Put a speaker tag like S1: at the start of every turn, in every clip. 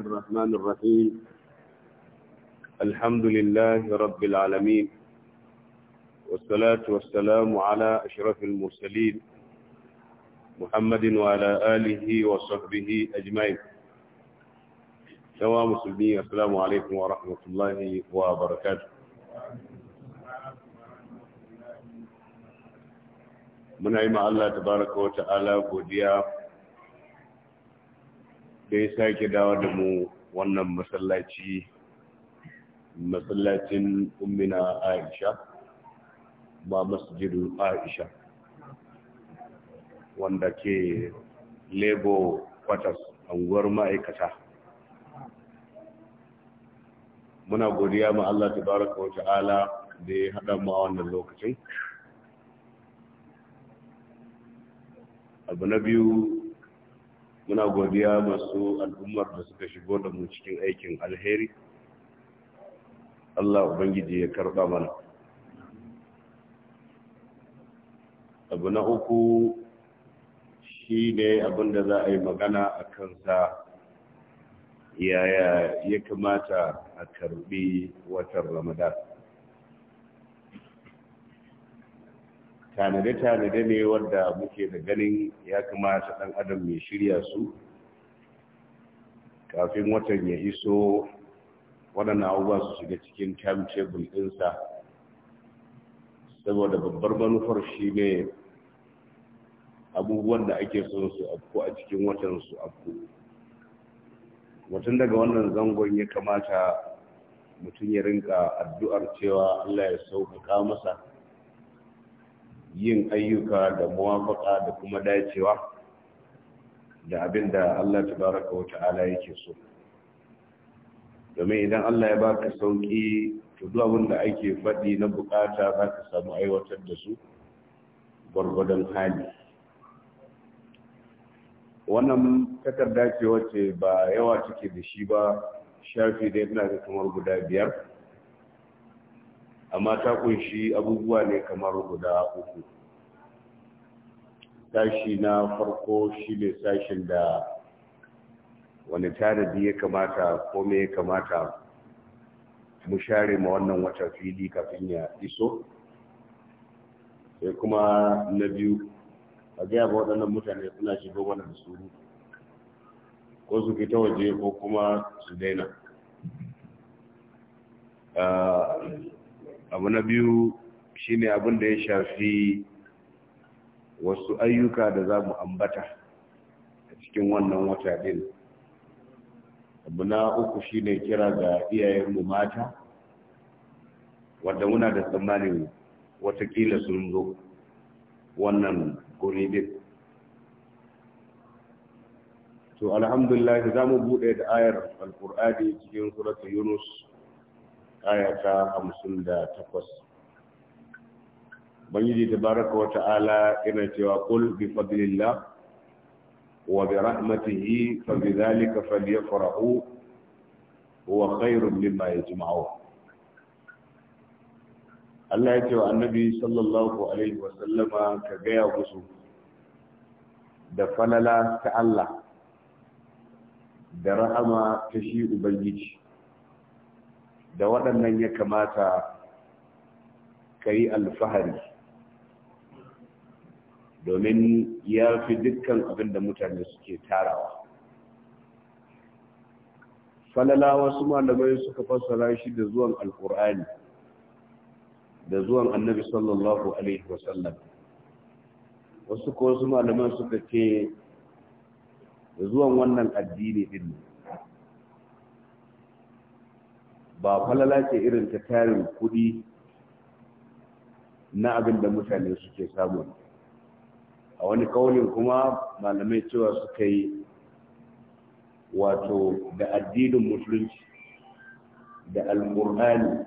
S1: الله الرحمن الرحيم الحمد لله رب العالمين والصلاة والسلام على أشرف المرسلين محمد وعلى آله وصحبه أجمعين سلام مسلمين السلام عليكم ورحمة الله وبركاته من أيما الله تبارك وتعالى بوديا da ya sake dawo da mu wannan masallaci masallacin ummina aisha ba aisha wanda ke lebo kwatas anguwar ma'aikata muna godiya ma Allah tabaraka wa ta'ala da ya haɗa ma wannan lokacin abu na biyu muna godiya masu al'ummar da suka shigo da mu cikin aikin alheri Allah Ubangiji ya karba mana abu na uku shi ne abinda za a yi magana a kansa yaya ya kamata a karɓi watan ramadan tanade-tanade ne wadda muke da ganin ya kamata ɗan adam mai shirya su kafin watan ya iso waɗannan abubuwa su shiga cikin timetable ɗinsa saboda babbar manufar shi ne abubuwan da ake son su afku a cikin watan su afku mutum daga wannan zangon ya kamata mutum ya rinka addu'ar cewa allah ya sauƙaƙa masa yin ayyuka da muwafaka da kuma dacewa da abin da Allah tabaraka wa ta'ala yake so domin idan Allah ya baka sauki to duk abin da ake faɗi na bukata za ka samu aiwatar da su gwargwadon hali wannan takarda ce ba yawa take da shi ba shafi da yana da kamar guda biyar amma ta kunshi abubuwa ne kamar guda uku sashi na farko shi ne sashin da wani tanadi ya kamata ko me ya kamata mu share ma wannan wata fili kafin ya iso sai kuma na biyu a gaya ba waɗannan mutane suna shigo mana da su ko su fita waje ko kuma su daina ah, abu na biyu shine abin da ya shafi wasu ayyuka da za mu ambata a cikin wannan wata din abu na uku shine kira ga iyayenmu mata wadda muna da tsammanin watakila sun zo wannan guri din to alhamdulillah za mu buɗe da ayar alkur'ani cikin suratu yunus aya ta hamsin da takwas bangiji ta baraka wa ta'ala yana cewa kul bi fadlillah wa bi rahmatihi fa bi dhalika falyafrahu huwa khairun mimma yajma'un Allah ya ce wa annabi sallallahu alaihi wa sallama ka gaya musu da falala ta Allah da rahama ta shi ubangiji da waɗannan ya kamata ka yi alfahari domin ya fi dukkan abin da mutane suke tarawa falala wasu malamai suka fassara shi da zuwan alkur'ani da zuwan annabi sallallahu alaihi wasallam wasu ko wasu malamai suka ce da zuwan wannan addini din ba falala ce irin ta tarin kuɗi na abin da mutane suke samu a wani kaunin kuma malamai cewa suka yi wato da addinin musulunci da alƙur'ani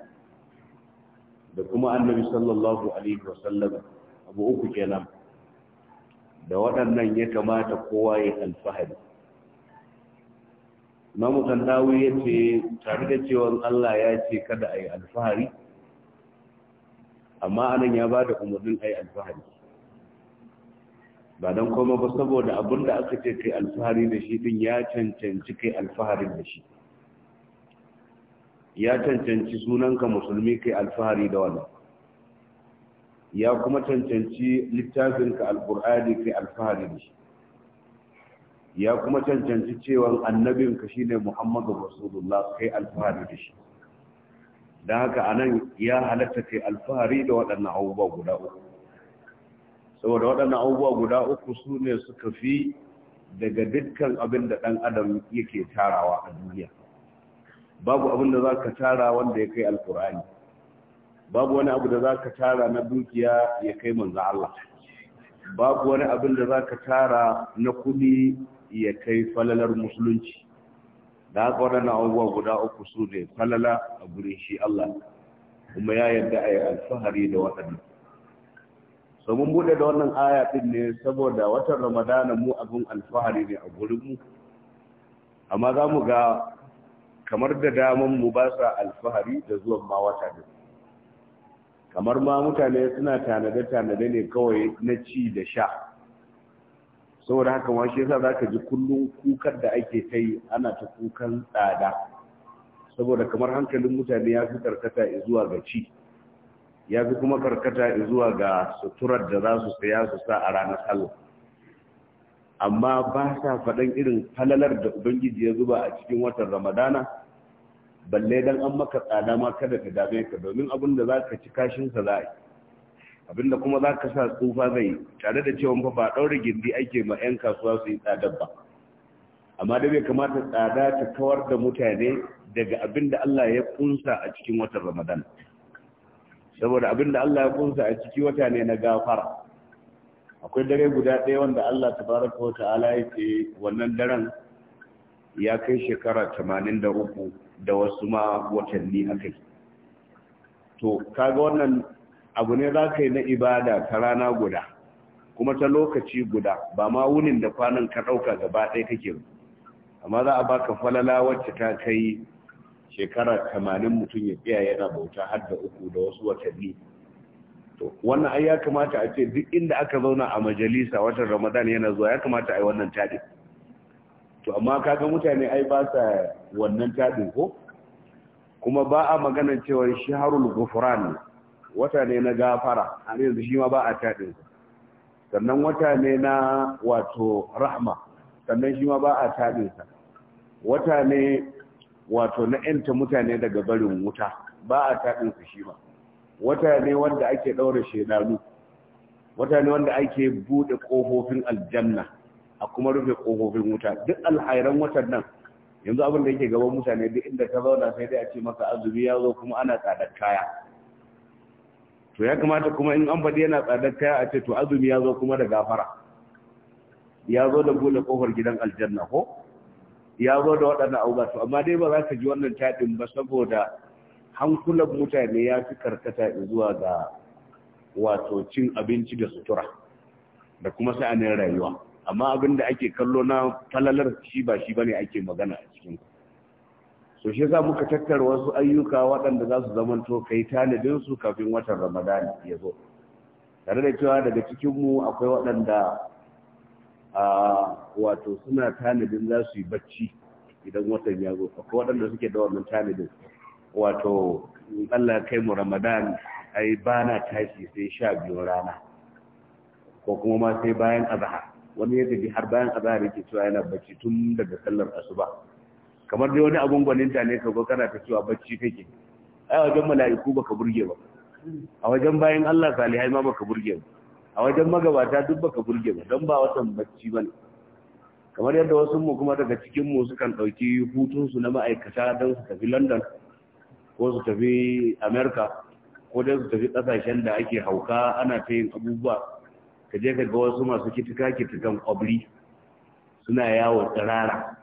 S1: da kuma annabi sallallahu alaihi wasallam abu uku kenan da waɗannan ya kamata kowa ya alfahari imamu kandawi ya ce tare da cewa Allah ya ce kada a yi alfahari amma anan ya bada da umarnin a yi alfahari ba don koma ba saboda abin da aka ce kai alfahari da shi din ya cancanci kai alfaharin da shi ya cancanci sunanka musulmi kai alfahari da wannan ya kuma cancanci littafinka alkur'ani kai alfahari da shi ya kuma cancanci cewa annabinka ne Muhammadu Rasulullah kai alfahari da shi don haka anan ya halatta kai alfahari da waɗannan abubuwa guda uku saboda waɗannan abubuwa guda uku su ne suka fi daga dukkan abin da ɗan adam yake tarawa a duniya babu abin da za ka tara wanda ya kai alkur'ani babu wani abu da za ka tara na dukiya ya kai Manza Allah babu wani abin da za ka tara na kuɗi iya kai falalar musulunci da haka waɗannan abubuwa guda uku su ne falala a gurin shi Allah kuma ya yarda a yi alfahari da waɗannan so mun buɗe da wannan aya ɗin ne saboda watan ramadana mu abin alfahari ne a mu. amma za mu ga kamar da daman mu ba sa alfahari da zuwan ma wata ɗin kamar ma mutane suna tanade-tanade ne kawai na ci da sha saboda haka ma shi yasa zaka ji kullum kukar da ake kai ana ta kukan tsada saboda kamar hankalin mutane ya fi karkata zuwa ga ci ya fi kuma karkata zuwa ga suturar da za su saya su sa a ranar sallah amma ba sa faɗan irin falalar da ubangiji ya zuba a cikin watan ramadana balle dan an maka tsada ma kada ka dame ka domin abin da za ka ci kashin sa za yi abinda kuma za ka sa tsufa zai tare da cewa fa ba ɗaure gindi ake ma 'yan kasuwa su yi tsada ba amma da bai kamata tsada ta kawar da mutane daga abinda Allah ya kunsa a cikin watan Ramadan saboda abinda Allah ya kunsa a ciki wata ne na gafar. akwai dare guda ɗaya wanda Allah Ta wa ta'ala ya wannan daren ya kai shekara 83 da wasu ma watanni akai to kaga wannan abu ne za ka yi na ibada ta rana guda kuma ta lokaci guda ba ma wunin da kwanan ka ɗauka gaba ɗaya kake amma za a baka falala wacce ta kai shekara tamanin mutum ya tsaya yana bauta har da uku da wasu watanni to wannan ai ya kamata a ce duk inda aka zauna a majalisa watan ramadan yana zuwa ya kamata a yi wannan taɗin to amma kaga mutane ai ba sa wannan taɗin ko kuma ba a maganar cewa shaharul gufran wata ne na gafara a yanzu shi ma ba a taɗin sannan wata ne na wato rahma sannan shi ma ba a taɗin sa wata ne wato na ‘yanta mutane daga barin wuta ba a taɗin sa shi ma wata ne wanda ake ɗaura shedanu wata ne wanda ake buɗe ƙofofin aljanna a kuma rufe ƙofofin wuta duk alhairan watan nan yanzu abin da yake gaban mutane duk inda ka zauna sai dai a ce masa azumi ya zo kuma ana tsadar kaya to ya kamata kuma in an faɗi yana tsadar kaya a ce to azumi ya zo kuma da gafara ya zo da bude kofar gidan aljanna ko ya zo da waɗannan auga to amma dai ba za ka ji wannan taɗin ba saboda hankulan mutane ya fi karkata zuwa ga wato cin abinci da sutura da kuma sa'anin rayuwa amma abin da ake kallo na falalar shi ba shi bane ake magana a cikin to shi za muka tattara wasu ayyuka waɗanda za su zamanto kai tanadin su kafin watan Ramadan ya zo tare da cewa daga cikin mu akwai waɗanda a wato suna tanadin za su yi bacci idan watan ya zo akwai waɗanda suke da wannan tanadin wato Allah kai mu Ramadan ai ba na tashi sai sha biyu rana ko kuma ma sai bayan azhar wani ya tafi har bayan azahar yake cewa yana bacci tun daga sallar asuba kamar dai wani abun gwaninta ne ka kana ta cewa bacci take ai wajen mala'iku baka burge ba a wajen bayan Allah salihai ma baka burge ba a wajen magabata duk baka burge ba don ba watan bacci bane kamar yadda wasu mu kuma daga cikin mu sukan dauki hutun su na ma'aikata don su tafi London ko su tafi America ko dai su tafi kasashen da ake hauka ana ta yin abubuwa ka je ka ga wasu masu kitika kitikan kwabri suna yawo tsirara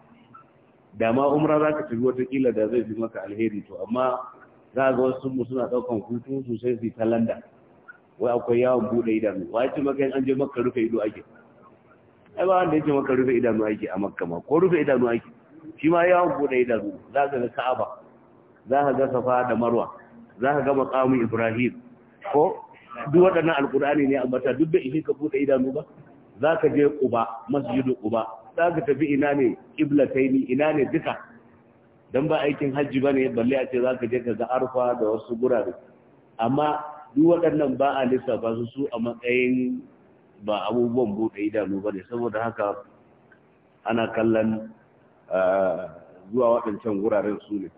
S1: da ma umra za ka tafi watakila da zai fi maka alheri to amma za ga wasu mu suna ɗaukan hutu sosai su ta landa wai akwai yawon buɗe idanu wa ce maka an je maka rufe ido ake ai ba wanda yake maka rufe idanu ake a makka ma ko rufe idanu ake shi ma yawon buɗe idanu za ka ga ka'aba za ka ga safa da marwa za ka ga makamin ibrahim ko duk waɗannan alkur'ani ne ambata duk da ishe ka buɗe idanu ba za ka je ƙuba masjidu ƙuba za ka tafi ina ne ni, ina ne duka don ba aikin hajji ba ne balle a ce za ka je ka ga arfa da wasu gurare amma duk waɗannan ba a lissafa su su a matsayin ba abubuwan buɗe idanu ba ne saboda haka ana kallon zuwa waɗancan wuraren su ne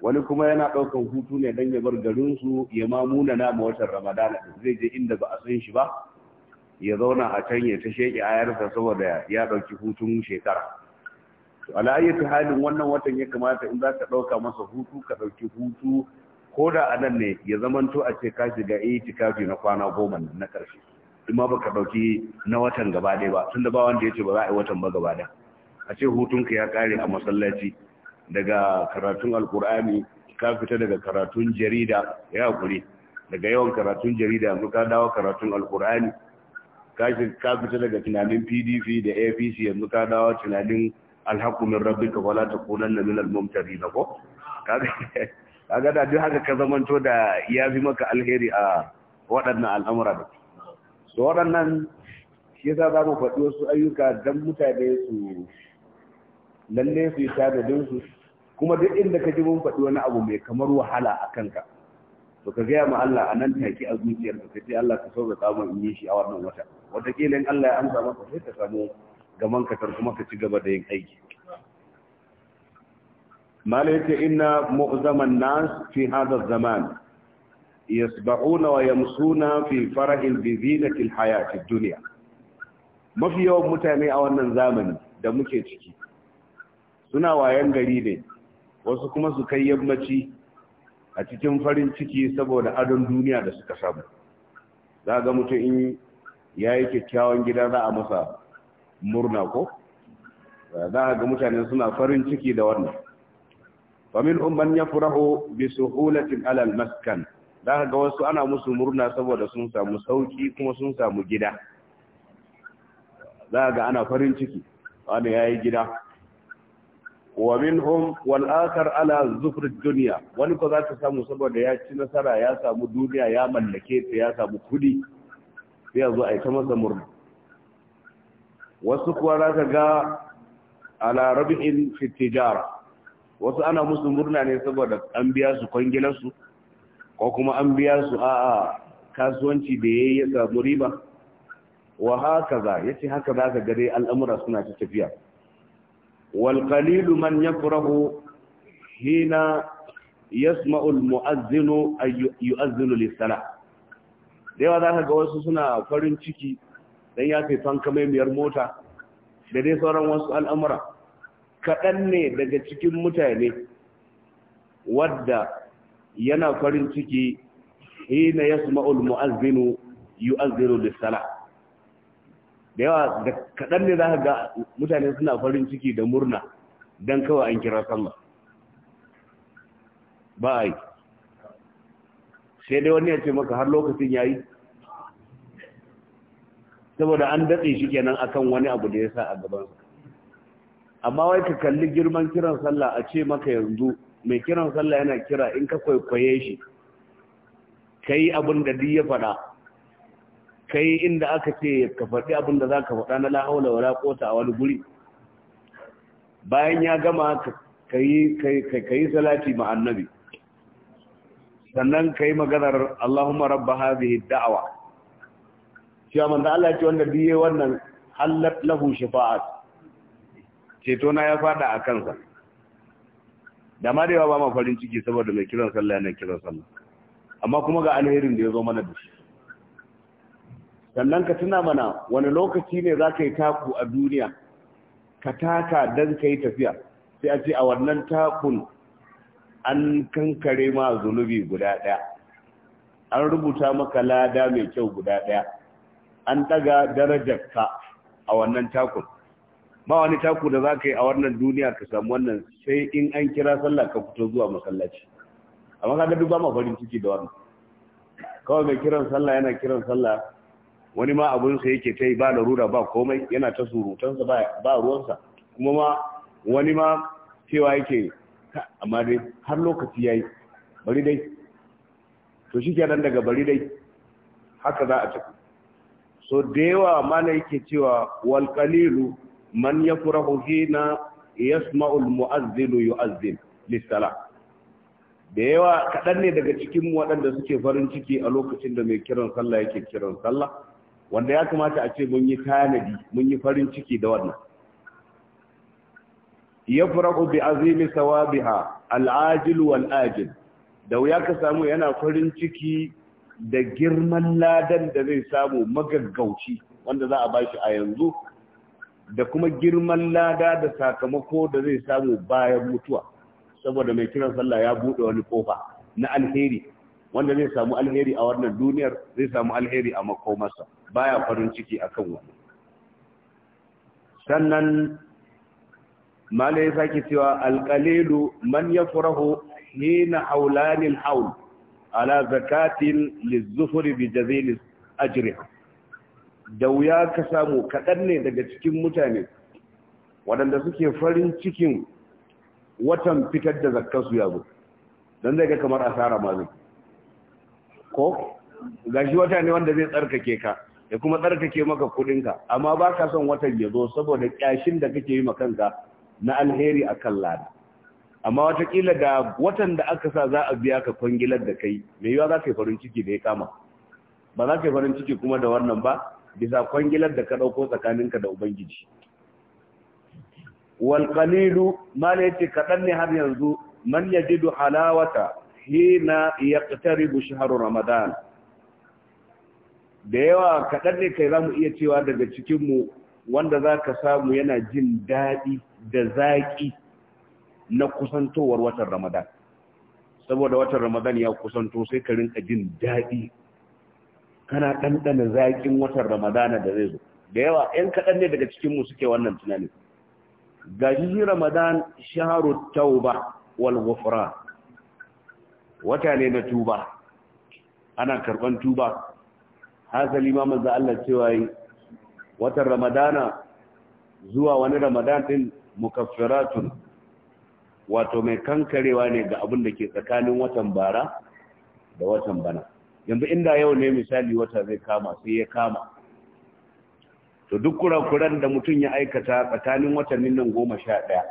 S1: wani kuma yana ɗaukan hutu ne don ya bar garinsu ya mamuna na ma watan ramadana zai je inda ba a san shi ba ya zauna a can ya ta a ayarsa saboda ya ɗauki hutun shekara to ala halin wannan watan ya kamata in za ka ɗauka masa hutu ka ɗauki hutu ko da a nan ne ya zamanto a ce ka shiga itikafi na kwana goma na ƙarshe kuma ba ka ɗauki na watan gaba ɗaya ba tunda ba wanda ya ce ba za a yi watan ba gaba ɗaya a ce hutunka ya ƙare a masallaci daga karatun alkur'ani ka fita daga karatun jarida ya haƙuri daga yawan karatun jarida yanzu ka dawo karatun alkur'ani ka fita daga tunanin pdp da apc yanzu ka dawo tunanin alhakumin ka wala ta kunan na minal mumtari na ko kaga da duk haka ka zamanto da ya fi maka alheri a waɗannan al'amura da su waɗannan shi yasa za mu faɗi wasu ayyuka don mutane su lalle su yi sadadinsu kuma duk inda ka ji mun faɗi wani abu mai kamar wahala a kanka to ka gaya ma Allah a nan take a zuciyar ka sai Allah ka sauƙaƙa mu in yi shi a wannan wata wataƙila in Allah ya amsa maka sai ka samu gaman ka tar kuma ka ci gaba da yin aiki mala yace inna mu'zaman nas fi hadha zaman yasbahuna wa yamsuna fi farahin bizinati alhayati dunya mafi yawan mutane a wannan zamani da muke ciki suna wayan gari ne wasu kuma su kai yammaci a cikin farin ciki saboda adon duniya da suka samu za ga mutum in ya yi kyakkyawan gida za a masa murna ko za ga mutane suna farin ciki da wannan famin umman ya furahu bi suhulatin alal maskan za ga wasu ana musu murna saboda sun samu sauki kuma sun samu gida za ga ana farin ciki wani ya yi gida wa minhum wal akhar ala zufr dunya wani ko za ta samu saboda ya ci nasara ya samu duniya ya mallake ta ya samu kudi sai yazo zo a masa murna wasu kuwa za ga ala rabihin fi tijara wasu ana musu murna ne saboda an biya su su ko kuma an biya su a kasuwanci da ya samu riba wa haka za ya haka za ka gare al'amura suna ta tafiya والقليل من يكره حين يسمع المؤذن يؤذن للصلاة da yawa za ka ga wasu suna farin ciki don ya mai miyar mota da dai sauran wasu al'amura kaɗan ne daga cikin mutane wadda yana farin ciki hina yasma'ul suma'ul mu'azzinu yu'azzinu lissala da yawa da kaɗan ne za ka ga mutane suna farin ciki da murna don kawai an kira sallah ba a yi sai dai wani ya ce maka har lokacin ya yi saboda an datse shi kenan akan wani abu da ya sa a gabansa amma wai ka kalli girman kiran sallah a ce maka yanzu mai kiran sallah yana kira in ka kwaikwaye shi ka yi abin da duk ya faɗa kai inda aka ce ka faɗi abin da za ka faɗa na la'aula wa raƙota a wani guri bayan ya gama ka yi salati ma annabi sannan ka yi maganar Allahumma rabba hazihi da'awa cewa manzan Allah ce wanda biye wannan hallar lahu shafa'at ceto na ya faɗa a kansa da ma da yawa ba ma farin ciki saboda mai kiran sallah na kiran sallah amma kuma ga alherin da ya zo mana da shi sannan ka tuna mana wani lokaci ne za ka yi taku a duniya ka taka don ka yi tafiya sai a ce a wannan takun an kankare ma zunubi guda ɗaya an rubuta maka lada mai kyau guda ɗaya an ɗaga ka a wannan takun ba wani taku da za ka yi a wannan duniya ka samu wannan sai in an kira sallah ka fito zuwa masallaci amma ka duk ba ma farin ciki da wannan kawai mai kiran sallah yana kiran sallah wani ma abun sa yake tai ba larura ba komai yana ta sa ba ruwan sa, kuma ma wani ma cewa yake amma dai har lokaci yayi bari dai to shi kenan daga bari dai haka za a tafi so da yawa mana yake cewa wal qalilu man yafrahu hina yasma'u al mu'azzinu yu'azzin lis-salah da yawa kaɗan ne daga cikin waɗanda suke farin ciki a lokacin da mai kiran sallah yake kiran sallah wanda ya kamata a ce mun yi tanadi mun yi farin ciki da wannan Ya yafraqu bi azimi sawabiha al'ajil wal ajil da wuya ka samu yana farin ciki da girman ladan da zai samu magaggauci wanda za a bashi a yanzu da kuma girman lada da sakamako da zai samu bayan mutuwa saboda mai kiran sallah ya bude wani kofa na alheri wanda zai samu alheri a wannan duniyar zai samu alheri a makomarsa baya farin ciki akan wani sannan malai sake cewa alqalilu man yafrahu hina haulanin haul ala zakatin lizzufri bi jazil ajriha da wuya ka samu kaɗan ne daga cikin mutane waɗanda suke farin cikin watan fitar da zakkansu ya zo don zai ga kamar asara ma zai ko gashi wata ne wanda zai tsarkake ka ya kuma tsarkake maka kudinka amma ba ka son watan ya zo saboda kyashin da kake yi kanka na alheri a kan lada amma watakila da watan da aka sa za a biya ka kwangilar da kai mai yiwa za ka yi farin ciki da ya kama ba za ka yi farin ciki kuma da wannan ba bisa kwangilar da ka ɗauko tsakaninka da ubangiji wal qalilu ma la kaɗan ne har yanzu man yajidu halawata hina yaqtaribu shahru ramadan da yawa kaɗan ne kai za mu iya cewa daga cikinmu wanda zaka samu yana jin daɗi da zaki na kusantowar watan ramadan saboda watan ramadan ya kusanto sai ka rinka jin daɗi kana ɗanɗana zakin watan Ramadan da zai zo da yawa ‘yan kaɗan ne daga cikin mu suke wannan tunanin gaji ramadan shaharu tauba wal ghufran wata ne na tuba ana karban tuba Asali ma manzo Allah cewa yi watan ramadana zuwa wani ramadan din mukaffiratun wato mai kankarewa ne ga abin da ke tsakanin watan bara da watan bana yanzu inda yau ne misali wata zai kama sai ya kama to duk kurakuran da mutum ya aikata tsakanin watannin nan goma sha ɗaya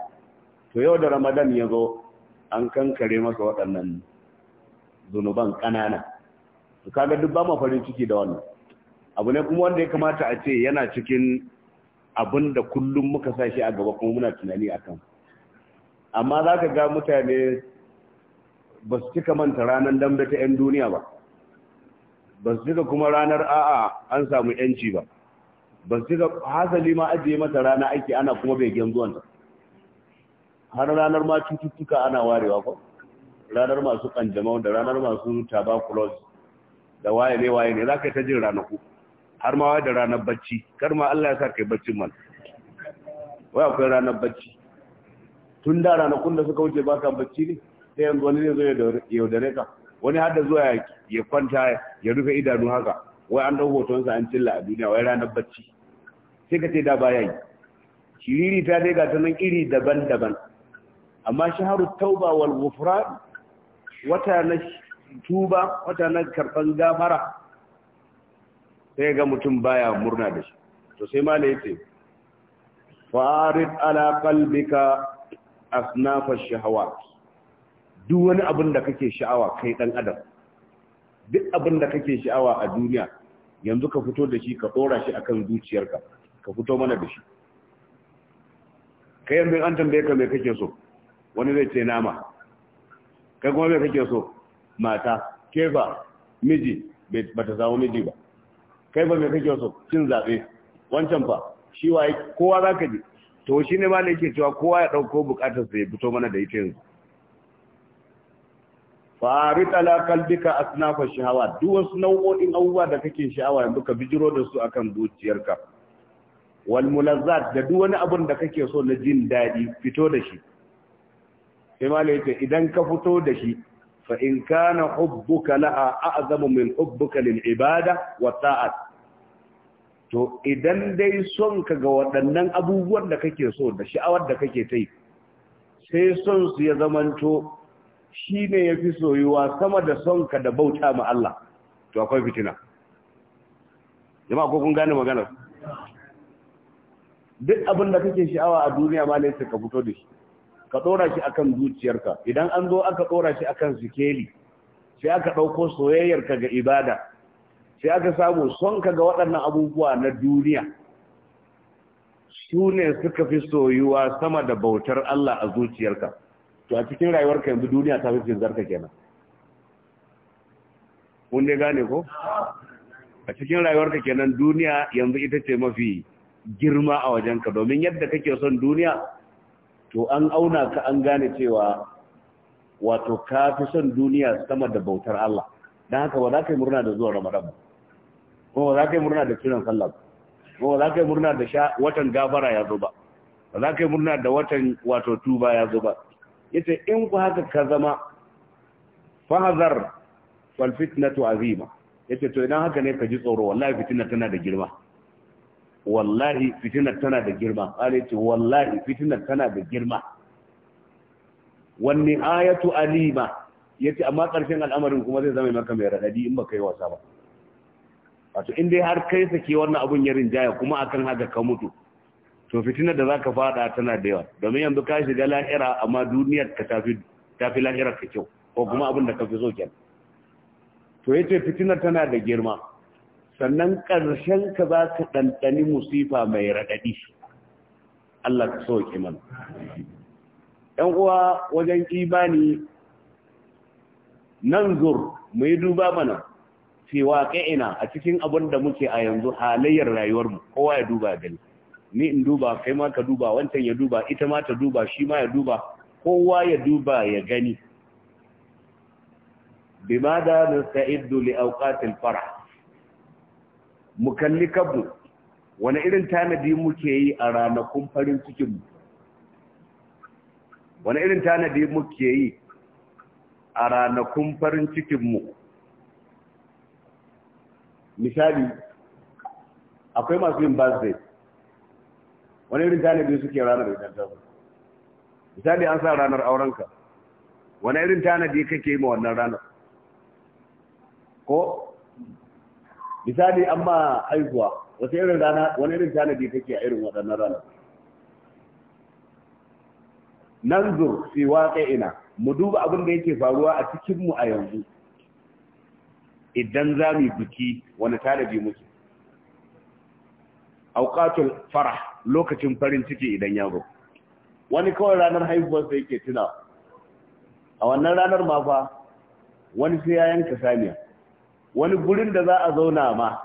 S1: to yau da ramadan ya zo an kankare masa waɗannan zunuban ƙanana to kaga duk ba mu farin ciki da wannan abu ne kuma wanda ya kamata a ce yana cikin abin da kullum muka sa shi a gaba kuma muna tunani a kan amma za ka ga mutane ba su cika manta ranar dambe ta 'yan duniya ba ba su cika kuma ranar a'a an samu 'yanci ba ba su cika hasali ma ajiye mata rana aiki ana kuma bai begen zuwanta har ranar ma cututtuka ana warewa ko ranar masu kanjamau da ranar masu tabakulos da waye ne waye ne za ka yi ta jin ranaku har ma waye da ranar bacci kar ma Allah ya sa kai baccin man wai akwai ranar bacci tun da ranakun da suka wuce baka bacci ne sai yanzu wani ne zai da reka wani har da zuwa ya kwanta ya rufe idanu haka wai an dau hotonsa an cilla a duniya wai ranar bacci sai ka ce da baya yi shiriri ta dai ta nan iri daban-daban amma shaharu tauba wal ghufran wata na tuba wata na karban gafara sai ga mutum baya murna da shi to sai ma ne yace farid ala qalbika asnafa shahawat duk wani abin da kake sha'awa kai dan adam duk abin da kake sha'awa a duniya yanzu ka fito da shi ka dora shi akan zuciyarka ka fito mana da shi kai bin an tambaye ka me kake so wani zai ce nama kai kuma bai kake so mata ke ba miji ba ta samu miji ba kai ba mai kake so cin zaɓe wancan fa shi wa kowa za ka ji to shi ne ma da yake cewa kowa ya ɗauko buƙatar sa ya fito mana da ita yanzu fari talakal duka asnafa shahawa duk wasu nau'o'in abubuwa da kake sha'awa yanzu ka bijiro da su akan zuciyarka wal da duk wani abun da kake so na jin daɗi fito da shi sai yake idan ka fito da shi fa in kana hubbuka laha a'zamu min hubbuka lil ibada wa ta'at to idan dai son ka ga waɗannan abubuwan da kake so da sha'awar da kake ta yi sai son su ya zamanto shine yafi soyuwa sama da son ka da bauta ma Allah to akwai fitina jama'a ko kun gane maganar duk abin da kake sha'awa a duniya ma ne ka fito da shi ka ɗora shi akan zuciyarka idan an zo aka ɗora shi akan sikeli sai aka ɗauko soyayyarka ga ibada sai aka samu son ka ga waɗannan abubuwa na duniya su ne suka fi soyuwa sama da bautar Allah a zuciyarka to a cikin rayuwarka yanzu duniya ta fi zarka kenan kun dai gane ko a cikin rayuwarka kenan duniya yanzu ita ce mafi girma a wajenka domin yadda kake son duniya to an auna ka an gane cewa wato ka fi son duniya sama da bautar Allah don haka ba za ka yi murna da zuwa ramadan ba ko ba za ka yi murna da kiran sallah ba ko ba za ka yi murna da sha watan Gabara ya zo ba ba za ka yi murna da watan wato tuba ya zo ba yace in ku haka ka zama fahazar wal fitnatu azima yace to idan haka ne ka ji tsoro wallahi fitina tana da girma wallahi fitinar tana da girma Allah ce wallahi fitinar tana da girma wanne ayatu alima yace amma karshen al'amarin kuma zai zama maka mai radadi in baka yi wasa ba wato in dai har kai sake wannan abun ya rinjaya kuma akan haka ka mutu to fitinar da zaka fada tana da yawa domin yanzu ka shiga lahira amma duniyar ka tafi tafi lahira ka kyau ko kuma abin da ka fi so kenan to yace fitinar tana da girma sannan ƙarshen ka za ka ɗanɗani musifa mai raɗaɗi Allah ka soke mana ‘yan uwa wajen imani nan zur mai duba mana cewa waƙa'ina a cikin abin da muke a yanzu halayyar rayuwarmu kowa ya duba gani ni in duba kai ma ka duba wancan ya duba ita ma ta duba shi ma ya duba kowa ya duba ya gani bimada nasta'iddu li awqatil farah mu kalli kabu wani irin tanadi muke yi a ranakun farin cikinmu wani irin tanadi muke yi a ranakun farin cikinmu misali akwai masu yin birthday wani irin tanadi suke ranar idan ta misali an sa ranar aurenka wani irin tanadi kake yi ma wannan ranar ko misali an ba haihuwa wata irin rana wani irin tanadi take a irin waɗannan nan zur fi waqi'ina mu duba abin da yake faruwa a cikin mu a yanzu idan za mu biki wani tanadi muke auqatul farah lokacin farin ciki idan yaro. wani kawai ranar haihuwarsa sa yake tuna a wannan ranar ma fa wani sai ya yanka saniya wani gurin da za a zauna ma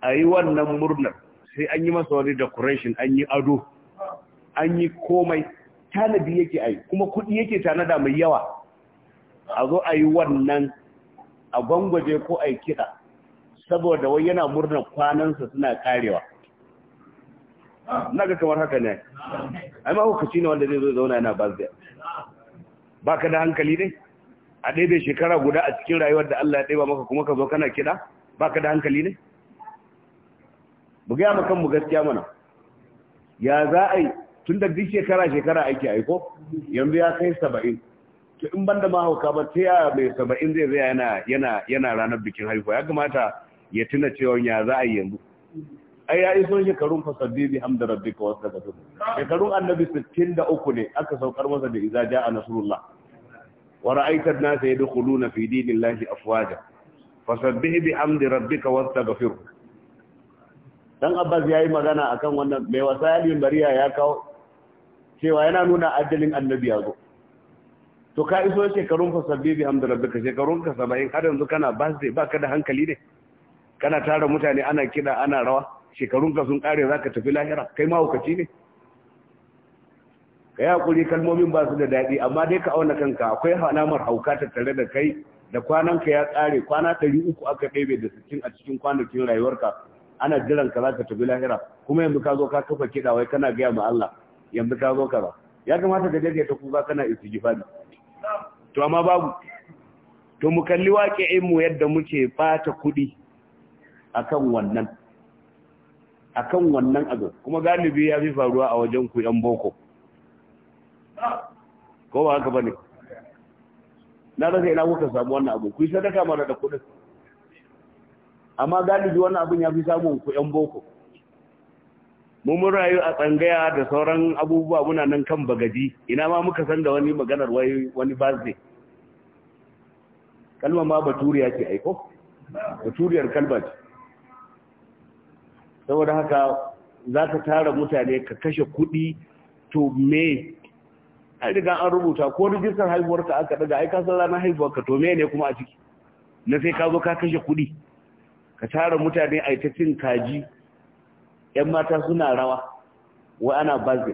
S1: a yi wannan murnar sai an yi masa wani decoration an yi ado an yi komai tanadi yake ai kuma kuɗi yake tanada mai yawa a zo a yi wannan a gwangwaje ko a yi kiɗa saboda wai yana murnar kwanansa suna karewa na ga kamar haka ne ai mahaukaci ne wanda zai zo zauna yana ba ba ka da hankali dai a ɗaiɗai shekara guda a cikin rayuwar da Allah ya ɗaiba maka kuma ka zo kana kiɗa ba ka da hankali ne? Bugaya makan mu gaskiya mana, ya za a yi tun da duk shekara-shekara ake aiko, yanzu ya kai saba'in. To in banda ma hauka ba ta mai saba'in zai zai yana yana ranar bikin haihuwa ya kamata ya tuna cewa ya za a yi yanzu. Ai ya iso shekarun fasaddi bi hamda rabbika wasu daga shekarun annabi sittin da uku ne aka saukar masa da iza ja'a nasrullah ورأيت الناس يدخلون في دين الله أفواجا فسبه بحمد ربك rabbika dan abbas yayi magana akan wannan mai wasalin bariya ya kawo cewa yana nuna ajalin annabi yazo to ka iso shekarun bi bihamdi rabbika shekarun ka 70 har yanzu kana ba ka da hankali ne kana tara mutane ana kida ana rawa shekarun ka sun kare zaka tafi lahira kai ma hukaci ne ka yi haƙuri kalmomin ba su da daɗi amma dai ka auna kanka akwai alamar hauka ta tare da kai da kwananka ya tsare kwana ɗari uku aka ɗebe da sittin a cikin kwanakin rayuwarka ana jiran ka za ka tafi lahira kuma yanzu ka zo ka kafa kiɗa wai kana gaya ma Allah yanzu ka zo ka ba ya kamata ka ta kuka kana istighfari to amma babu to mu kalli waƙi'in mu yadda muke bata kuɗi akan wannan akan wannan abin kuma galibi ya fi faruwa a wajen ku yan boko ko ba haka bane na rasa ina kuka samu wannan abu ku yi sadaka mana da kuɗin amma galibi wannan abin ya fi samun ku yan boko mu mun rayu a tsangaya da sauran abubuwa muna nan kan bagaji ina ma muka san da wani maganar wai wani birthday kalma ma baturiya ce aiko baturiyar kalma ce saboda haka za ka tara mutane ka kashe kuɗi to me an riga an rubuta ko rijistar haihuwarka aka daga ai ka san ranar haihuwarka to me ne kuma a ciki na sai ka zo ka kashe kuɗi ka tara mutane a ta cin kaji ‘yan mata suna rawa wai ana Ka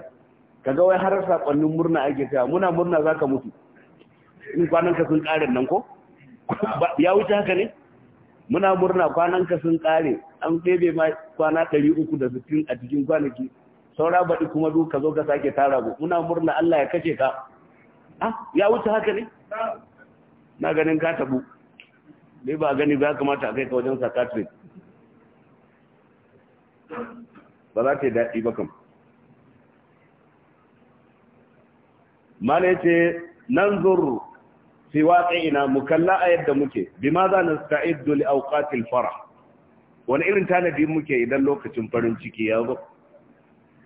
S1: kaga wai har sakonnin murna ake cewa muna murna za ka mutu in ka sun ƙare nan ko ya wuce haka ne muna murna kwanan ka sun ƙare an bebe ma kwana 360 a cikin kwanaki saura baɗi kuma du ka zo ka sake tara mu muna murna Allah ya kace ka ah ya wuce haka ne na ganin ka tabu dai ba gani ba kamata a kai ka wajen psychiatrist ba za ta yi daɗi ba kam mala ce nan zurru fi waƙa'ina mu kalla a yadda muke bi ma za na sta'iddu li auqatil fara wani irin tanadi muke idan lokacin farin ciki ya zo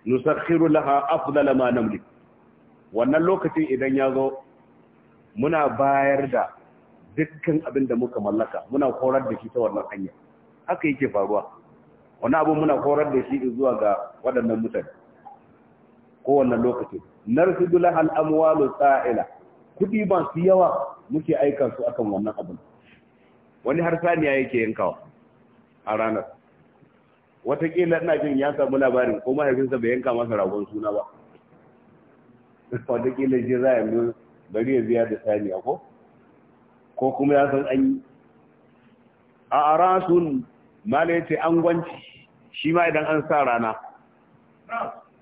S1: nusakhiru laha afdala ma namlik wannan lokacin idan ya zo muna bayar da dukkan abin da muka mallaka muna korar da shi ta wannan hanya haka yake faruwa wani abu muna korar da shi zuwa ga waɗannan mutane wannan lokacin. narsidu lahal amwalu sa'ila kudi ba su yawa muke aika su akan wannan abin wani har saniya yake yankawa a ranar watakila ina jin ya samu labarin ko mahaifinsa bai yanka masa ragon suna ba watakila shi za a yi bari ya biya da saniya ko ko kuma ya san an yi a arasun mala ya ce an gwanci shi ma idan an sa rana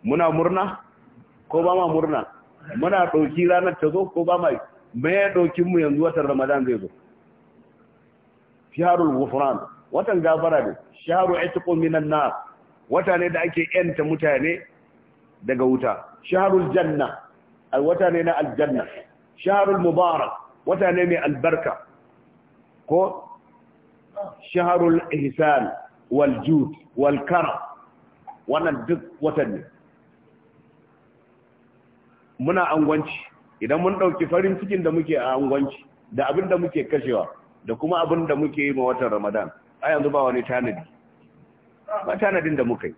S1: muna murna ko ba ma murna muna ɗauki ranar ta zo ko ba ma mai ɗaukinmu yanzu watan ramadan zai zo fiharul gufran watan gafara ne shaharu itqu minan nar wata ne da ake yanta mutane daga wuta shaharul janna wata ne na aljanna shaharul mubarak wata ne mai albarka ko shaharul ihsan wal jud wal karam wannan duk watanni. muna angwanci idan mun dauki farin cikin da muke a angwanci da abin da muke kashewa da kuma abin da muke yi ma watan ramadan a yanzu ba wani tanadi ba tanadin da muka yi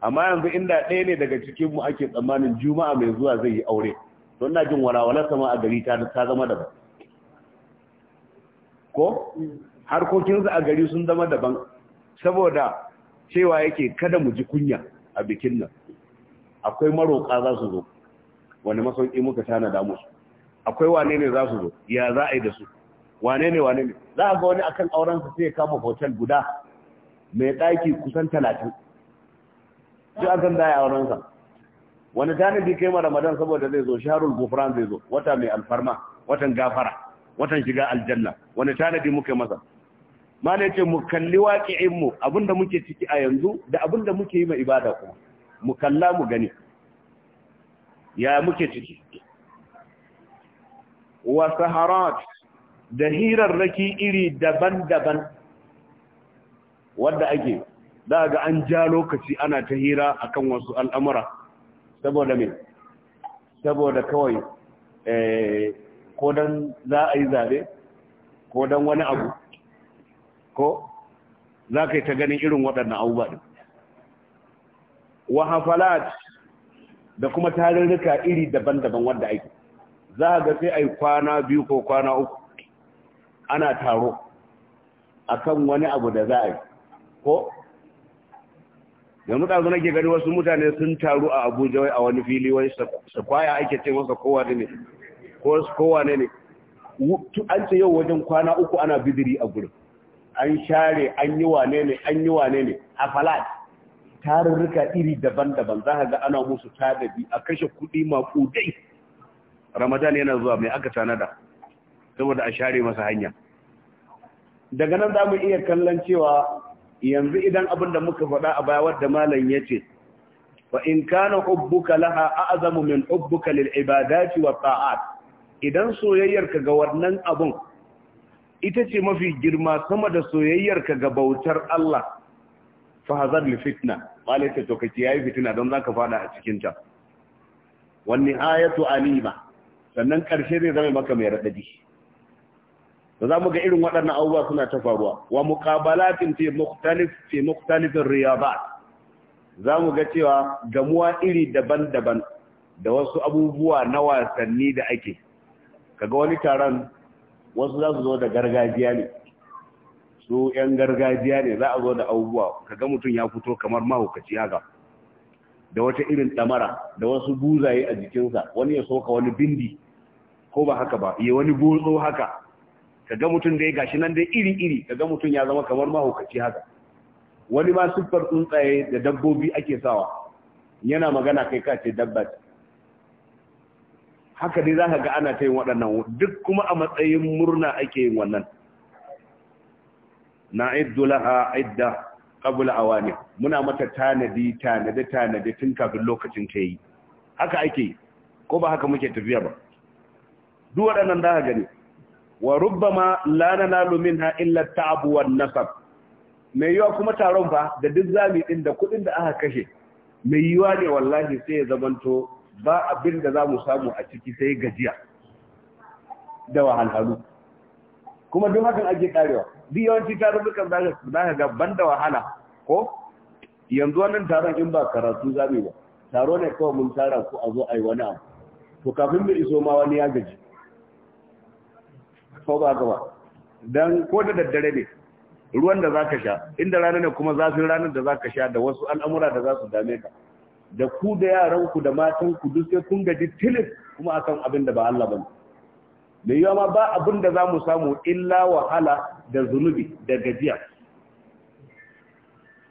S1: amma yanzu inda ɗaya ne daga cikinmu ake tsammanin juma'a mai zuwa zai yi aure don na jin walawala sama a gari ta zama daban ko harkokinsu a gari sun zama daban saboda cewa yake kada mu ji kunya a bikin nan akwai maroƙa za su zo wani masauki muka tana damu akwai wane ne za su zo ya za a yi da su wane ne wane ne za a ga wani akan aurensa sai ya kama hotel guda mai daki kusan talatin shi akan auren sa wani tanadi kai ma ramadan saboda zai zo sharul gufran zai zo wata mai alfarma watan gafara watan shiga aljanna wani tanadi muke masa mana ce mu kalli mu abinda muke ciki a yanzu da abinda muke yi ma ibada kuma mu kalla mu gani ya muke ciki wa saharat da hirarraki iri daban-daban wadda ake da ga an ja lokaci ana ta hira akan wasu al'amura saboda me saboda kawai eh, ko don za a yi zabe ko don wani abu ko za ka yi ta ganin irin waɗannan abubuwa ɗin wahafalat da kuma tarin rika iri daban-daban wanda ake za a ga sai a yi kwana biyu ko kwana uku ana taro akan wani abu da za a yi ko yanzu ɗazu nake gani wasu mutane sun taru a abuja wai a wani fili wai sakwaya ake ce masa kowa ne ko kowa ne ne an ce yau wajen kwana uku ana bidiri a gurin an share an yi wane ne an yi wane ne a falat tarurruka iri daban-daban za ka ga ana musu tadabi a kashe kuɗi dai? ramadan yana zuwa mai aka tanada saboda a share masa hanya daga nan za mu iya kallon cewa yanzu idan abin da muka faɗa a baya wadda malam ya ce wa in kana hubbuka laha a'zamu min hubbuka lil ibadati wa ta'at idan soyayyarka ga wannan abun ita ce mafi girma sama da soyayyarka ga bautar Allah fa hazar li fitna malaka to kace yayi fitina don zaka fada a cikin ta wannan ayatu alima sannan karshe zai zama maka mai radadi da za mu ga irin waɗannan abubuwa suna ta faruwa wa muqabalatin fi mukhtalif fi mukhtalifin riyadat za mu ga cewa gamuwa iri daban-daban da wasu abubuwa na wasanni da ake kaga wani taron wasu za su zo da gargajiya ne su yan gargajiya ne za a zo da abubuwa kaga mutum ya fito kamar mahaukaci haka da wata irin ɗamara da wasu buzaye a jikinsa wani ya soka wani bindi ko ba haka ba ya wani buzo haka ka ga mutum da ya gashi nan dai iri-iri ka ga mutum ya zama kamar mahaukaci haka wani ma siffar tsuntsaye da dabbobi ake sawa yana magana kai ka ce dabba haka dai za ga ana ta yin waɗannan duk kuma a matsayin murna ake yin wannan na'iddu laha idda qabl awani muna mata tanadi tanadi tanadi tun kafin lokacin ta yi haka ake ko ba haka muke tafiya ba duk waɗannan da gani wa rubbama la nanalu minha illa ta'ab wan nasab Me yiwa kuma taron fa da duk zami din da kudin da aka kashe Me yiwa ne wallahi sai ya zamanto ba abin da zamu samu a ciki sai gajiya da wahalhalu kuma duk hakan ake karewa duk yawanci tarurrukan za ka ga banda wahala ko yanzu wannan taron in ba karatu zami ba taro ne kawai mun tara ku a zo a yi wani abu to kafin mu iso ma wani ya gaji ko ba gaba, don dan ko da daddare ne ruwan da zaka sha inda rana ne kuma zafin ranar da zaka sha da wasu al'amura da za su dame ka da ku da yaran ku da matan ku duk sai kun gaji tilis kuma akan abin da ba Allah bane da yawa ma ba abin da zamu samu illa wahala da zunubi da gajiya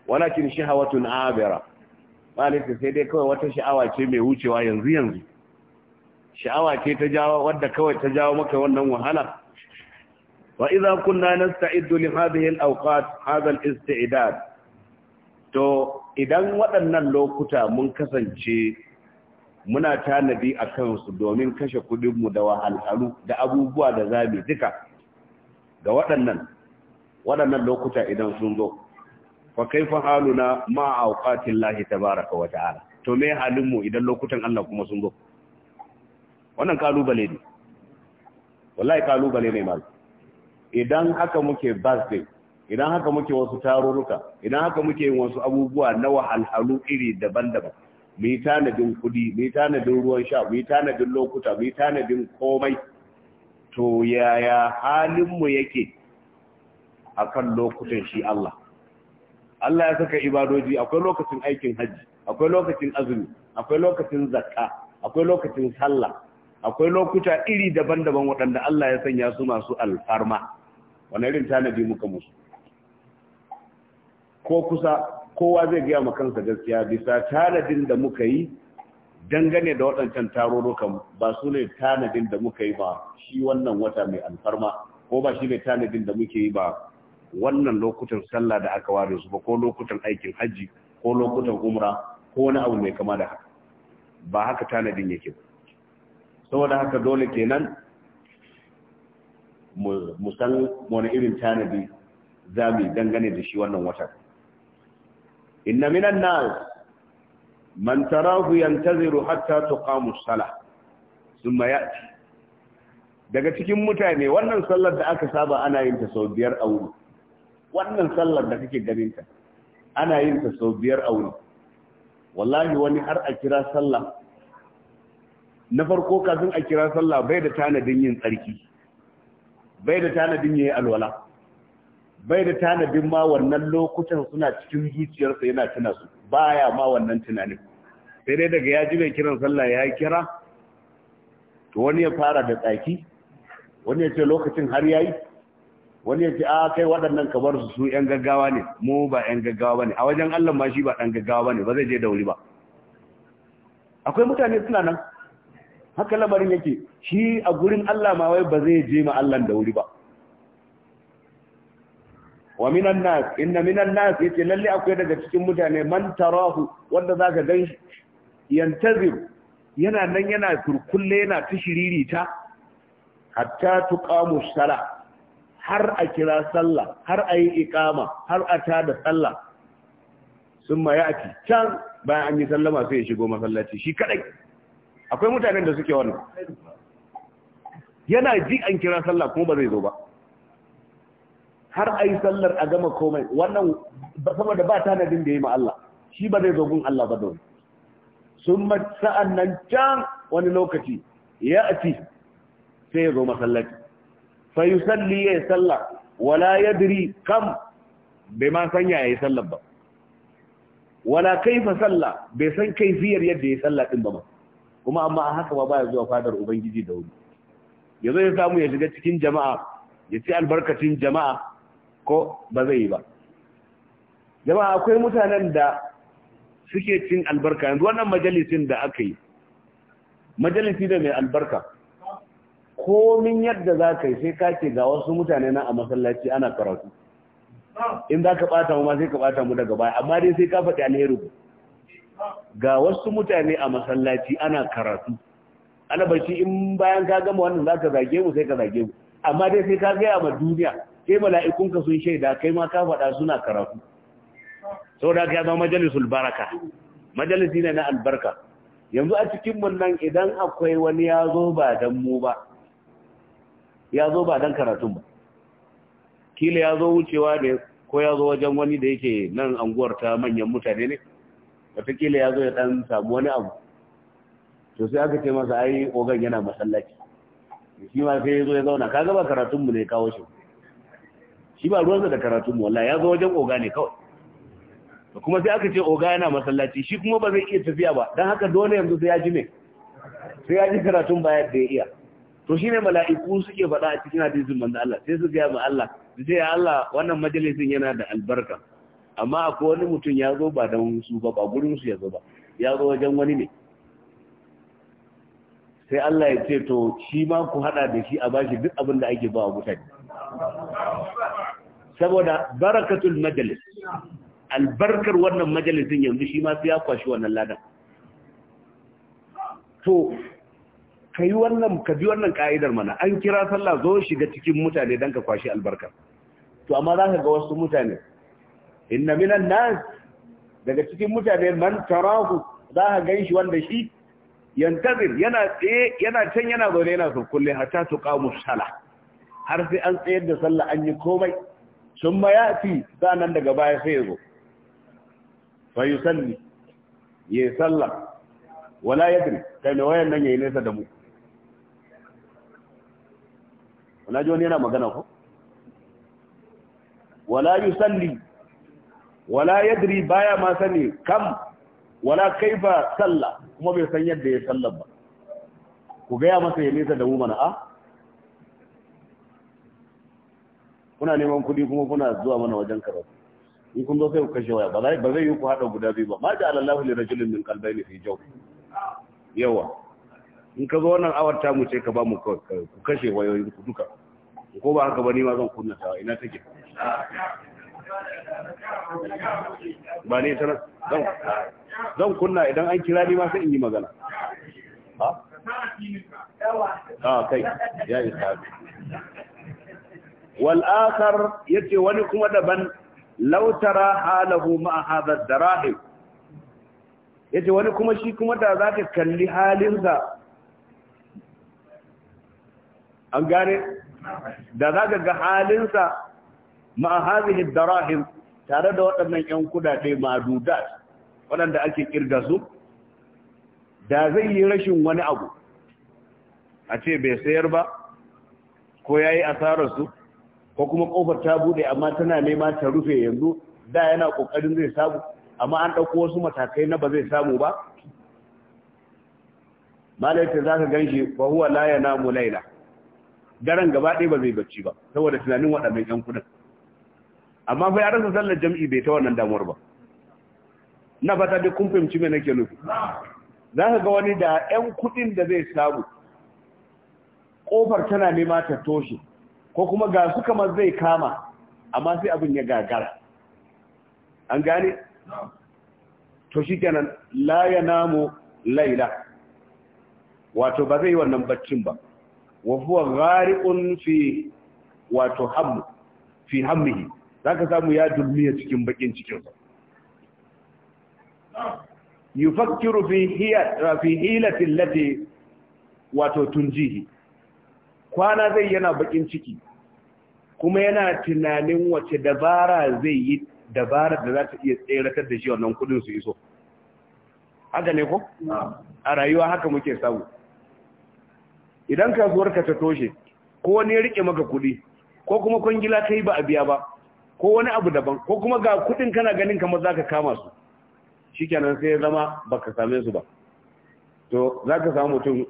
S1: walakin shahawatun abira malaka sai dai kawai wata sha'awa ce mai wucewa yanzu yanzu sha'awa ce ta jawo wadda kawai ta jawo maka wannan wahala وإذا كنا نستعد لهذه الأوقات هذا الاستعداد to idan waɗannan lokuta mun kasance muna tanadi a kansu domin kashe kudinmu da wahalhalu da abubuwa da zabi duka ga waɗannan waɗannan lokuta idan sun zo fa kaifa haluna ma auqatin lahi tabaaraka wa ta'ala to me halinmu idan lokutan Allah kuma sun zo wannan kalubale ne wallahi kalubale ne malam idan haka muke birthday idan haka muke wasu tarurruka idan haka muke yin wasu abubuwa na wahalhalu iri daban-daban mu yi tanadin kudi mu yi tanadin ruwan sha mu yi tanadin lokuta mu yi tanadin komai to yaya halinmu yake akan lokutan shi Allah Allah ya saka ibadoji akwai lokacin aikin hajji akwai lokacin azumi akwai lokacin zakka akwai lokacin sallah akwai lokuta iri daban-daban waɗanda Allah ya sanya su masu alfarma wane irin tanadi muka musu ko kusa kowa zai gaya ma kansa gaskiya bisa tanadin da muka yi dangane da waɗancan tarurrukan ba su ne tanadin da muka yi ba shi wannan wata mai alfarma ko ba shi ne tanadin da muke yi ba wannan lokutan sallah da aka ware su ba ko lokutan aikin hajji ko lokutan umra ko wani abu mai kama da haka ba haka tanadin yake ba saboda haka dole kenan mu san wani irin tanadi za mu dangane da shi wannan watan inna minan nas man tarahu yantaziru hatta tuqamu salah thumma ya'ti daga cikin mutane wannan sallar da aka saba ana yin ta sau biyar a wuri wannan sallar da kake ganin ta ana yin ta sau biyar a wuri wallahi wani har a kira sallah na farko kafin a kira sallah bai da tanadin yin tsarki bai da tanadin yi alwala bai da tanadin ma wannan lokutan suna cikin zuciyarsa yana tuna su baya ma wannan tunanin sai dai daga ya ji mai kiran sallah ya kira to wani ya fara da tsaki wani ya ce lokacin har yayi wani ya ce a ah, kai waɗannan kamar su su yan gaggawa ne mu ba yan gaggawa bane a wajen Allah ma shi ba dan gaggawa bane ba zai je da wuri ba akwai mutane suna nan haka lamarin yake shi a gurin Allah ma wai ba zai je ma Allah da wuri ba wa minan nas inna minan nas yace lalle akwai daga cikin mutane man tarahu wanda zaka dan yantazir yana nan yana turkulle yana tishirita hatta tuqamu sala har a kira sallah har a yi iqama har a tada sallah sun ya ake can bayan an yi sallama sai ya shigo masallaci shi kadai akwai mutanen da suke wannan yana ji an kira sallah kuma ba zai zo ba har a yi sallar a gama komai wannan saboda ba tanadin da ya yi ma Allah shi ba zai zo gun Allah ba don sun sa'an nan can wani lokaci ya ati sai ya zo masallaci fa yi salli ya yi sallah wala ya diri kam bai ma sanya ya yi sallar ba wala kaifa sallah bai san kaifiyar yadda ya yi sallah ɗin ba ba. kuma amma a haka ba baya zuwa fadar ubangiji da wuri yanzu ya samu ya shiga cikin jama'a ya ci albarkacin jama'a ko ba zai yi ba jama'a akwai mutanen da suke cin albarka yanzu wannan majalisin da aka yi majalisi da mai albarka komin yadda za ka yi sai ka ce ga wasu mutane na a masallaci ana karatu in za ka bata mu ma sai ka bata mu daga baya amma dai sai ka faɗi alheri ga wasu mutane a masallaci ana karatu barci in bayan ka gama wannan za ka zage mu sai ka zage mu amma dai sai ka gaya ma duniya sai mala'ikunka sun shaida kai ma ka faɗa suna karatu sau da ya zama majalisul baraka majalisi ne na albarka yanzu a cikin nan idan akwai wani ya zo ba dan mu ba ya zo ba dan karatun ba kila ya zo wucewa ne ko ya zo wajen wani da yake nan anguwar ta manyan mutane ne fikila ya zo ya ɗan samu wani abu to sai aka ce masa ai ogan yana masallaci shi ma sai ya zo ya zauna kaga ba karatunmu ne kawo shi shi ba ruwansa da karatunmu wallahi ya zo wajen oga ne kawai To kuma sai aka ce oga yana masallaci shi kuma ba zai iya tafiya ba Dan haka dole yanzu sai ya ji ne sai ya ji karatun ba ya ya iya to shine mala'iku suke faɗa a cikin hadisin manzo Allah sai su ga ma Allah su ce ya Allah wannan majalisin yana da albarka amma akwai wani mutum ya zo ba don su ba ba gurin su ya zo ba ya zo wajen wani ne sai Allah ya ce to shi ma ku hada da shi a bashi duk abin da ake ba wa mutane saboda barakatul majalis albarkar wannan majalisin yanzu shi ma su ya kwashi wannan ladan to ka yi wannan ka bi wannan ka'idar mana an kira sallah zo shiga cikin mutane don ka kwashi albarkar to amma za ka ga wasu mutane inna minan nas daga cikin mutane man tarahu za ka ganshi wanda shi yantazir yana tsaye yana can yana zaune yana so kullum ta su qamu sala har sai an tsayar da sallah an yi komai sun ma yati nan daga baya sai yazo fa yusalli ya sallah wala ya yadri kai ne wayan nan ya yi nesa da mu wala ji wani yana magana ko wala yusalli wala yadri baya ma sani kam wala kaifa salla kuma bai san yadda ya salla ba ku gaya masa ya nisa da mu mana a kuna neman kuɗi kuma kuna zuwa mana wajen karatu in kun zo sai ku kashe waya ba zai yi ku haɗa guda biyu ba ma da alallahu li rajulin min qalbayn fi jaw yawa in ka zo wannan awar ta mu ce ka ba mu ku kashe wayoyin ku duka ko ba haka ba ni ma zan kunna ta ina take ba ne ta zan zan kunna idan an kira ni ma sai in yi magana ha a ah, kai ya isa wal ya ce wani kuma daban lautara halahu ma rahim ya ce wani kuma shi kuma da ka kalli halinsa an gane da za ka ga halinsa ma hadhihi darahim tare da waɗannan ƴan kudade madudat waɗanda ake kirga su da zai yi rashin wani abu a ce bai sayar ba ko yayi asarar su ko kuma kofar ta bude amma tana nema ta rufe yanzu da yana kokarin zai samu amma an dauko wasu matakai na ba zai samu ba malaita zaka ganshi fa huwa la yanamu laila daren gaba ɗaya ba zai bacci ba saboda tunanin waɗannan yan kudin amma fa ya rasa sallar jam'i bai ta wannan damuwar ba na fata duk kun fahimci me nake nufi za ka ga wani da 'yan kuɗin da zai samu ƙofar tana nema ta toshe ko kuma ga su kamar zai kama amma sai abin ya gagara an gane to shi kenan la ya namu laila wato ba zai wannan baccin ba wa huwa ghariqun fi wato hammu fi hammihi za ka samu ya dulmiya cikin bakin cikinsa yufakkiru fi hilatin lati wato tunjihi kwana zai yana bakin ciki kuma yana tunanin wace dabara zai yi dabara da za ta iya tseratar da shi wannan kudin su iso haka ne ko? a rayuwa haka muke samu idan ka ta toshe ko wani ya rike maka kudi ko kuma kwangila ka yi ba a biya ba ko wani abu daban ko kuma ga kudin kana ganin kamar zaka kama su shikenan sai ya zama baka same su ba to zaka samu mutum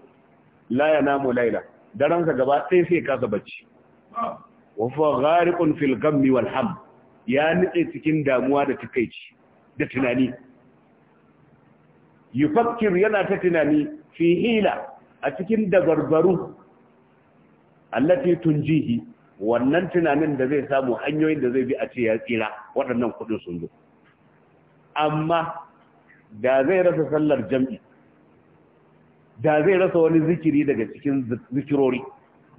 S1: la yanamu laila daransa gaba sai sai ka bacci wa fa gharikun fil gammi wal ham ya nitse cikin damuwa da takeici da tunani yufakkir yana ta tunani fi hila a cikin dabarbaru allati tunjihi wannan tunanin da zai samu hanyoyin da zai bi a ce ya tsira waɗannan kuɗin sun zo amma da zai rasa sallar jam'i da zai rasa wani zikiri daga cikin zikirori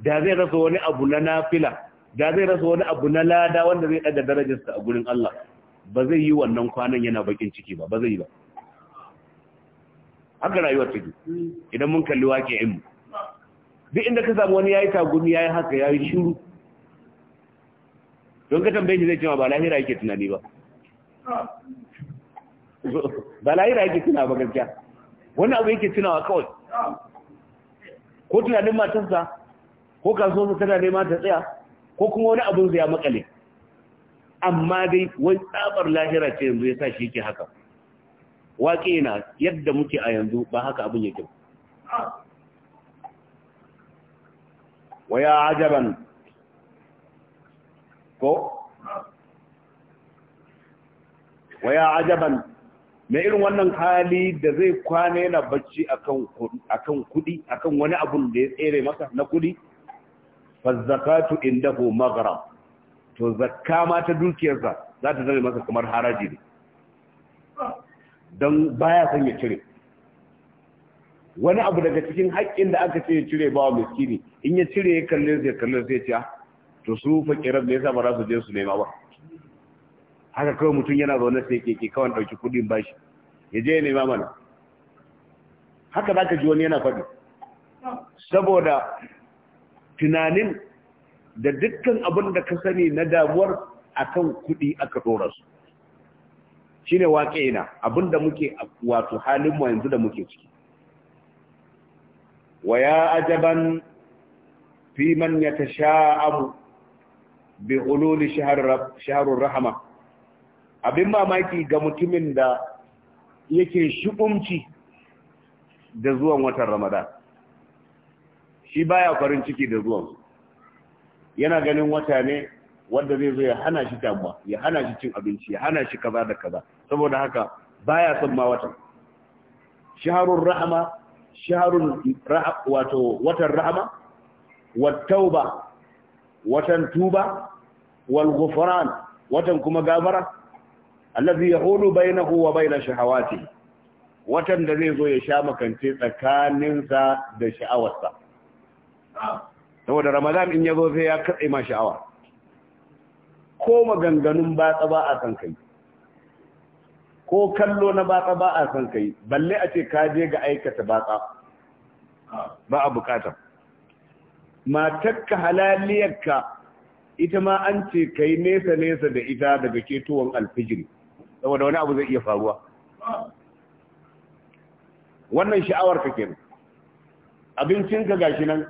S1: da zai rasa wani abu na nafila da zai rasa wani abu na lada wanda zai ɗaga darajarsa a gurin Allah ba zai yi wannan kwanan yana bakin ciki ba ba zai yi ba haka rayuwar take idan mun kalli waƙe'in mu duk inda ka samu wani yayi tagumi yayi haka yayi shiru don ka tambaye shi zai cewa ba lahira yake tunani ba ba lahira yake tunawa ba gaskiya wani abu yake tunawa kawai ko tunanin matarsa ko kasuwarsa tana nema ta tsaya ko kuma wani abin ya makale amma dai wani tsabar lahira ce yanzu ya sa shi yake haka waƙe na yadda muke a yanzu ba haka abin yake ba waya ajaban ko waya ajaban me irin wannan hali da zai kwana yana bacci akan kudi akan wani abun da ya tsere masa na kudi fazzakatu indahu maghrab to zakka ma ta dukiyarsa za ta zama masa kamar haraji ne don baya son ya cire wani abu daga cikin haƙƙin da aka ce ya cire ba wa miskini in ya cire ya kalle zai kalle zai ce ah, to su fakiran da yasa ba za su je su nema ba haka kawai mutum yana zaune sai ke kawai ɗauki kuɗin bashi ya je ya nema mana haka za ka ji wani yana faɗi saboda tunanin da dukkan abin da ka sani na damuwar akan kuɗi aka ɗora su shi ne waƙe na abin da muke wato halin mu yanzu da muke ciki wa ya ajaban fi man ya ta sha'amu bi ululi shaharun rahama abin mamaki ga mutumin da yake shubumci da zuwan watan ramadan shi baya farin ciki da zuwan yana ganin wata ne wanda zai zo ya hana shi damuwa ya hana shi cin abinci ya hana shi kaza da kaza saboda haka baya son ma watan shaharun rahama shaharun wato watan rahama tauba. watan tuba wal ghufran watan kuma gafara allazi yahulu bainahu wa bain shahawati watan da zai zo ya sha makance sa da sha'awarsa saboda ramadan in yazo sai ya katse ma sha'awa ko maganganun batsa ba a san kai ko kallo na batsa ba a san kai balle a ce ka je ga aikata batsa ba a bukatar matakka halaliyarka ita ma an ce ka yi nesa-nesa da ita daga ketowar alfijiri saboda wani abu zai iya faruwa wannan sha'awar ka kenan abincinka gashi nan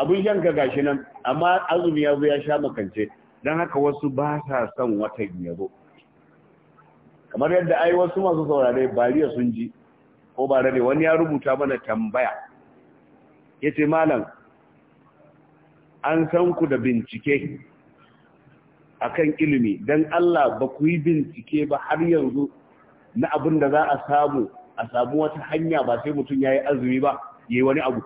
S1: abin yanka gashi nan amma azumi ya zo ya sha makance don haka wasu ba sa son watan ya kamar yadda ai wasu masu saurare bariya sun ji ko ba ne wani ya rubuta mana tambaya ya ce malam an san ku da bincike akan ilimi don Allah ba ku yi bincike ba har yanzu na abin da za a samu a samu wata hanya ba sai mutum ya yi azumi ba ya yi wani abu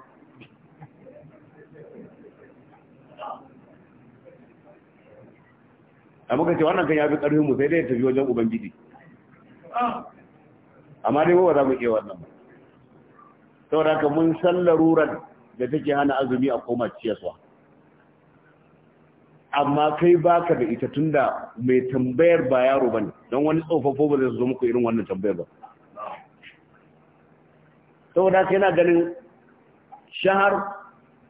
S1: a muka ce wannan kan ya fi ƙarfinmu mu sai dai ya tafi wajen ubangiji amma dai ba za mu iya wannan ba saboda ka mun san larurar da take hana azumi a koma ciyaswa amma kai baka da ita tunda mai tambayar ba yaro bane don wani tsofaffo ba zai zo muku irin wannan tambayar ba saboda kai na ganin shahar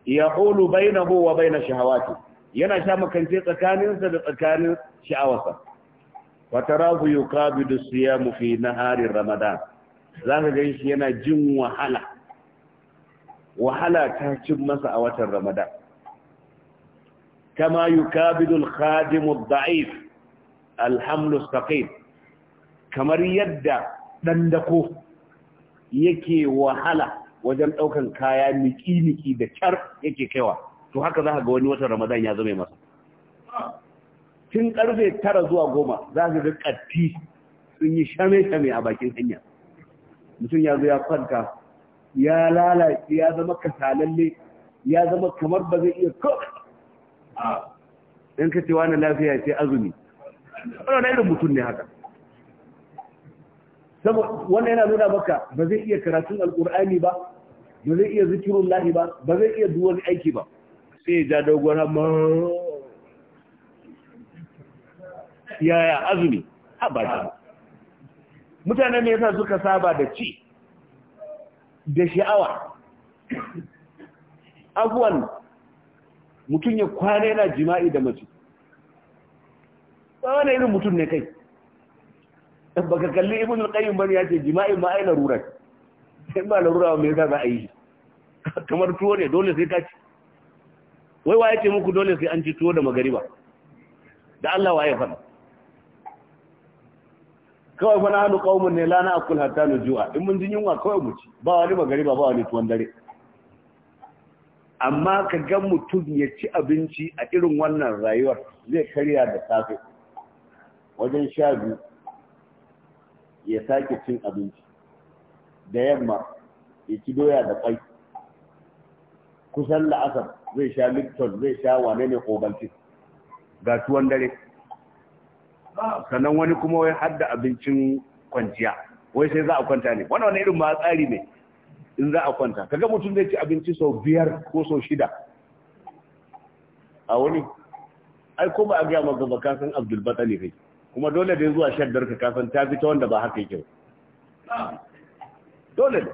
S1: ya hulu bainahu wa baina shahawati yana sha makance tsakaninsa da tsakanin sha'awarsa wa tarahu yuqabidu mafi fi nahari ramadan zaka ga shi yana jin wahala wahala ta cin masa a watan ramadan كما يكابد الخادم الضعيف الحمل الثقيل kamar yadda ɗandako yake wahala wajen ɗaukan kaya niki-niki da kyar yake kaiwa to haka za ga wani watan ramadan ya zama masa tun ƙarfe tara zuwa goma za su ga ƙatti sun yi shame-shame a bakin hanya mutum ya zo ya kwanta ya lalace ya zama kasalalle ya zama kamar ba zai iya kawai in ka ce wani lafiya sai azumi wani irin mutum ne haka wannan yana nuna maka ba zai iya karatun al'ur'ani ba ba zai iya zikirun lahi ba ba zai iya duwan aiki ba sai ya ja dogon amma yaya azumi a baki mutane ne yasa suka saba da ci da sha'awa abuwan mutum ya kwana yana jima'i da mace wani irin mutum ne kai baka kalli ibn al-qayyim bane ya ce jima'i ma ai larura sai ba larura me yasa ba a yi kamar tuwo ne dole sai ka ci wai waye ce muku dole sai an ci tuwo da magariba da Allah waye fa kawai fa na hannu qaumun ne la na akul hatta nujua in mun jin yunwa kawai mu ci ba wani magariba ba wani tuwon dare amma ka gan mutum ya ci abinci a irin wannan rayuwar zai karya da safe wajen sha biyu ya sake cin abinci da yamma ya ci doya da kai kusan la'asar zai sha lipton zai sha wane ne kogalci ga tuwon dare sannan wani kuma wai hadda abincin kwanciya wai sai za a kwanta ne Wani wani irin ma tsari ne in za a kwanta kaga mutum zai ci abinci sau biyar ko sau shida a wani ai ko ba a gaya maka ba san abdul batali kai kuma dole da zuwa shaddar ka kasan ta fi ta wanda ba haka yake dole da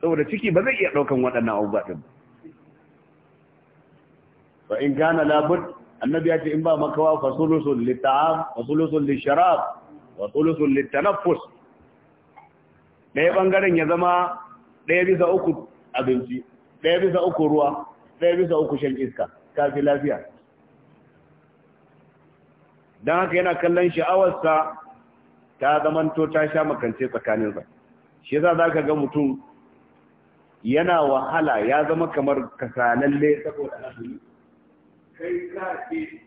S1: saboda ciki ba zai iya daukan waɗannan abubuwa din ba fa in kana labud annabi ya ce in ba makawa fa sulusul lit'am wa sulusul lisharab wa sulusul litanaffus ɗaya ɓangaren ya zama ɗaya bisa uku abinci ɗaya bisa uku ruwa ɗaya bisa uku shan iska kafin lafiya don haka yana kallon sha'awarsa ta zamanto ta sha makance tsakaninsa shi za za ka ga mutum yana wahala ya zama kamar kasalalle saboda azumi kai ka ce